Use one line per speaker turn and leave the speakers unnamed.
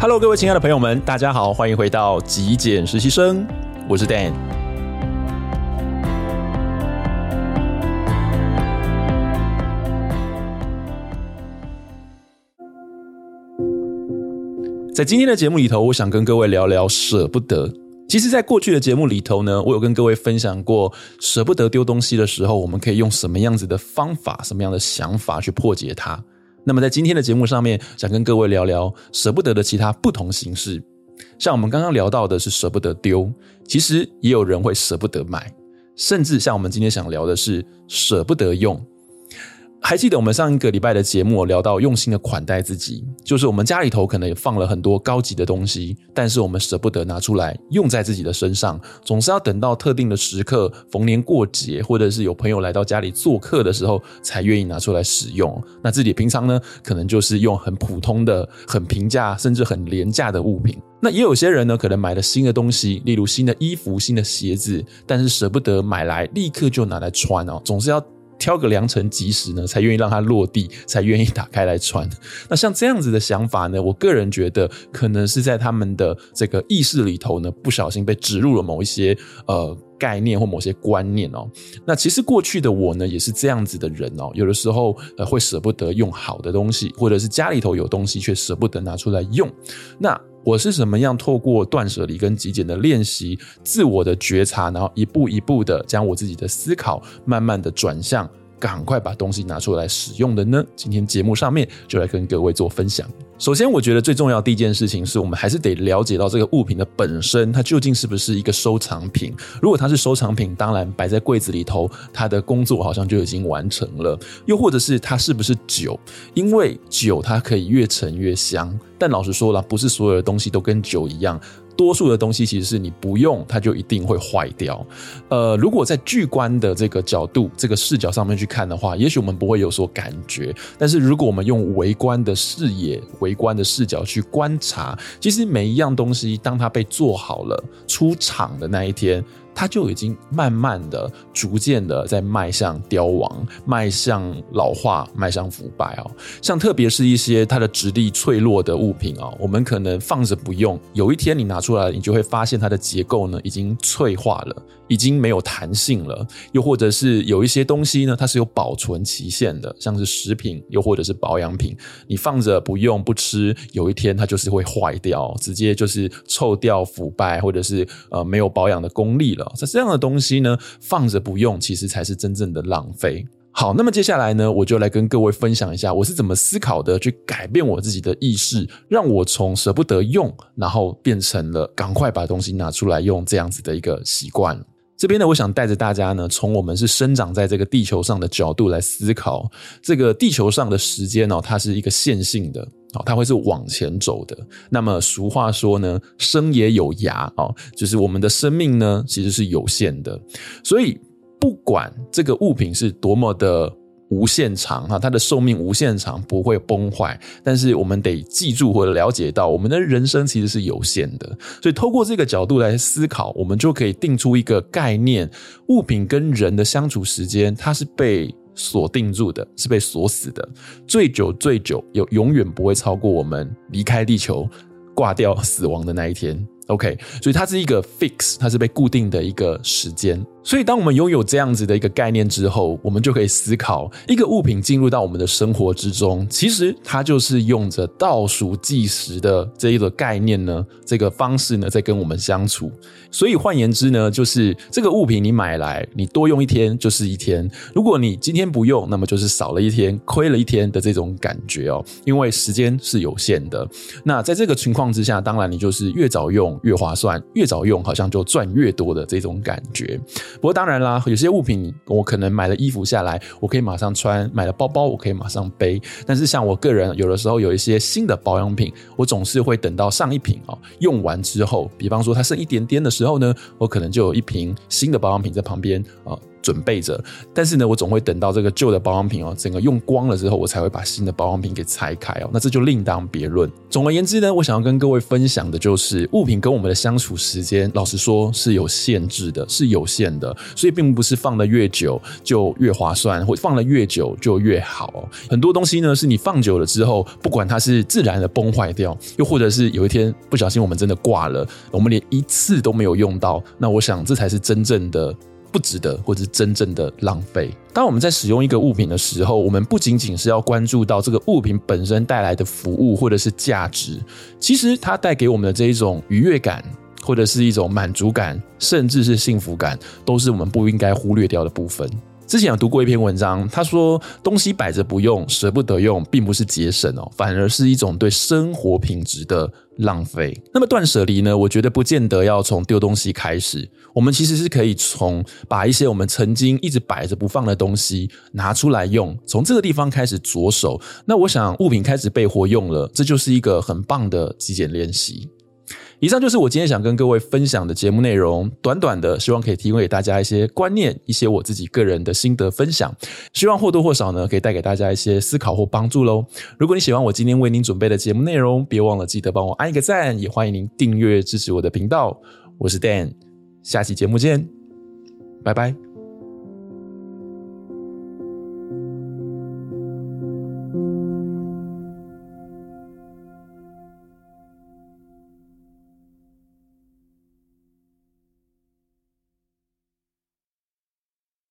Hello，各位親愛的朋友們，大家好，歡迎回到極簡實習生，我是 Dan。在今天的節目裡頭，我想跟各位聊聊捨不得。其實，在過去的節目裡頭呢，我有跟各位分享過捨不得丟東西的時候，我們可以用什麼樣子的方法、什麼樣的想法去破解它。那麼在今天的節目上面，想跟各位聊聊捨不得的其他不同形式。像我們剛剛聊到的是捨不得丟，其實也有人會捨不得買，甚至像我們今天想聊的是捨不得用。還記得我們上一個禮拜的節目，我聊到用心的款待自己。就是我們家裡頭可能也放了很多高級的東西，但是我們捨不得拿出來用在自己的身上，總是要等到特定的時刻，逢年過節或者是有朋友來到家裡做客的時候才願意拿出來使用。那自己平常呢，可能就是用很普通的、很平價甚至很廉價的物品。那也有些人呢，可能買了新的東西，例如新的衣服、新的鞋子，但是捨不得買來立刻就拿來穿哦，總是要。挑個良辰吉時呢，才願意讓它落地，才願意打開來穿。那像這樣子的想法呢，我個人覺得可能是在他們的這個意識裡頭呢，不小心被植入了某一些呃概念或某些觀念哦。那其實過去的我呢，也是這樣子的人哦，有的時候，呃，會捨不得用好的東西，或者是家裡頭有東西卻捨不得拿出來用。那我是什麼樣透過斷捨離跟極簡的練習，自我的覺察，然後一步一步的將我自己的思考，慢慢的轉向。趕快把東西拿出來使用的呢？今天節目上面就來跟各位做分享。首先，我覺得最重要的第一件事情是我們還是得了解到這個物品的本身，它究竟是不是一個收藏品。如果它是收藏品，當然擺在櫃子裡頭，它的工作好像就已經完成了。又或者是它是不是酒，因為酒它可以越陳越香。但老實說啦，不是所有的東西都跟酒一樣。多數的東西其實是你不用它就一定會壞掉。呃，如果在巨觀的這個角度、這個視角上面去看的話，也許我們不會有所感覺。但是如果我們用微觀的視野、微觀的視角去觀察，其實每一樣東西，當它被做好了、出廠的那一天。它就已經慢慢的、逐漸的在邁向凋亡、邁向老化、邁向腐敗哦。像特別是一些它的質地脆弱的物品哦，我們可能放着不用，有一天你拿出來，你就會發現它的結構呢已經脆化了。已經沒有彈性了，又或者是有一些東西呢，它是有保存期限的，像是食品，又或者是保養品，你放着不用不吃，有一天它就是會壞掉，直接就是臭掉、腐敗，或者是呃沒有保養的功力了。在這樣的東西呢，放着不用，其實才是真正的浪費。好，那麼接下來呢，我就來跟各位分享一下，我是怎麼思考的，去改變我自己的意識，讓我從捨不得用，然後變成了趕快把東西拿出來用這樣子的一個習慣。這邊呢，我想帶着大家呢，從我們是生長在這個地球上的角度來思考，這個地球上的時間呢，哦，它是一個線性的，哦，它會是往前走的。那麼俗話說呢，生也有涯，哦，就是我們的生命呢，其實是有限的。所以不管這個物品是多麼的。無限長哈，它的壽命無限長，不會崩壞。但是我們得記住或者了解到，我們的人生其實是有限的。所以透過這個角度來思考，我們就可以定出一個概念：物品跟人的相處時間，它是被鎖定住的，是被鎖死的。最久，最久，有永遠不會超過我們離開地球、掛掉、死亡的那一天。OK，所以它是一個 fix，它是被固定的一個時間。所以，當我們擁有這樣子的一個概念之後，我們就可以思考，一個物品進入到我們的生活之中，其實它就是用着倒數計時的這一個概念呢，這個方式呢，在跟我們相處。所以，換言之呢，就是這個物品你買來，你多用一天就是一天；如果你今天不用，那麼就是少了一天，虧了一天的這種感覺哦。因為時間是有限的。那在這個情況之下，當然你就是越早用越划算，越早用好像就賺越多的這種感覺。不過當然啦，有些物品我可能買了衣服下來，我可以馬上穿；買了包包，我可以馬上背。但是像我個人，有的時候有一些新的保養品，我總是會等到上一瓶啊用完之後，比方說它剩一點點的時候呢，我可能就有一瓶新的保養品在旁邊啊。準備着，但是呢，我總會等到這個舊的保養品哦，整個用光了之後，我才會把新的保養品給拆開哦。那這就另當別論。總而言之呢，我想要跟各位分享的就是，物品跟我們的相處時間，老實說是有限制的，是有限的。所以，並不是放得越久就越划算，或者放得越久就越好哦。很多東西呢，是你放久了之後，不管它是自然的崩壞掉，又或者是有一天不小心我們真的掛了，我們連一次都沒有用到。那我想，這才是真正的。不值得，或者是真正的浪費。當我們在使用一個物品的時候，我們不僅僅是要關注到這個物品本身帶來的服務或者是價值，其實它帶給我們的這一種愉悅感，或者是一種滿足感，甚至是幸福感，都是我們不應該忽略掉的部分。之前有讀過一篇文章，他說東西擺着不用，捨不得用，並不是節省哦，反而是一種對生活品質的浪費。那麼斷捨離呢？我覺得不見得要從丟東西開始，我們其實是可以從把一些我們曾經一直擺着不放的東西拿出來用，從這個地方開始着手。那我想物品開始被活用了，這就是一個很棒的極簡練習。以上就是我今天想跟各位分享的節目內容，短短的，希望可以提供給大家一些觀念，一些我自己個人的心得分享，希望或多或少呢，可以帶給大家一些思考或幫助嘍。如果你喜歡我今天為您準備的節目內容，別忘了記得幫我按一個讚，也歡迎您訂閱支持我的頻道。我是 Dan，下期節目見，拜拜。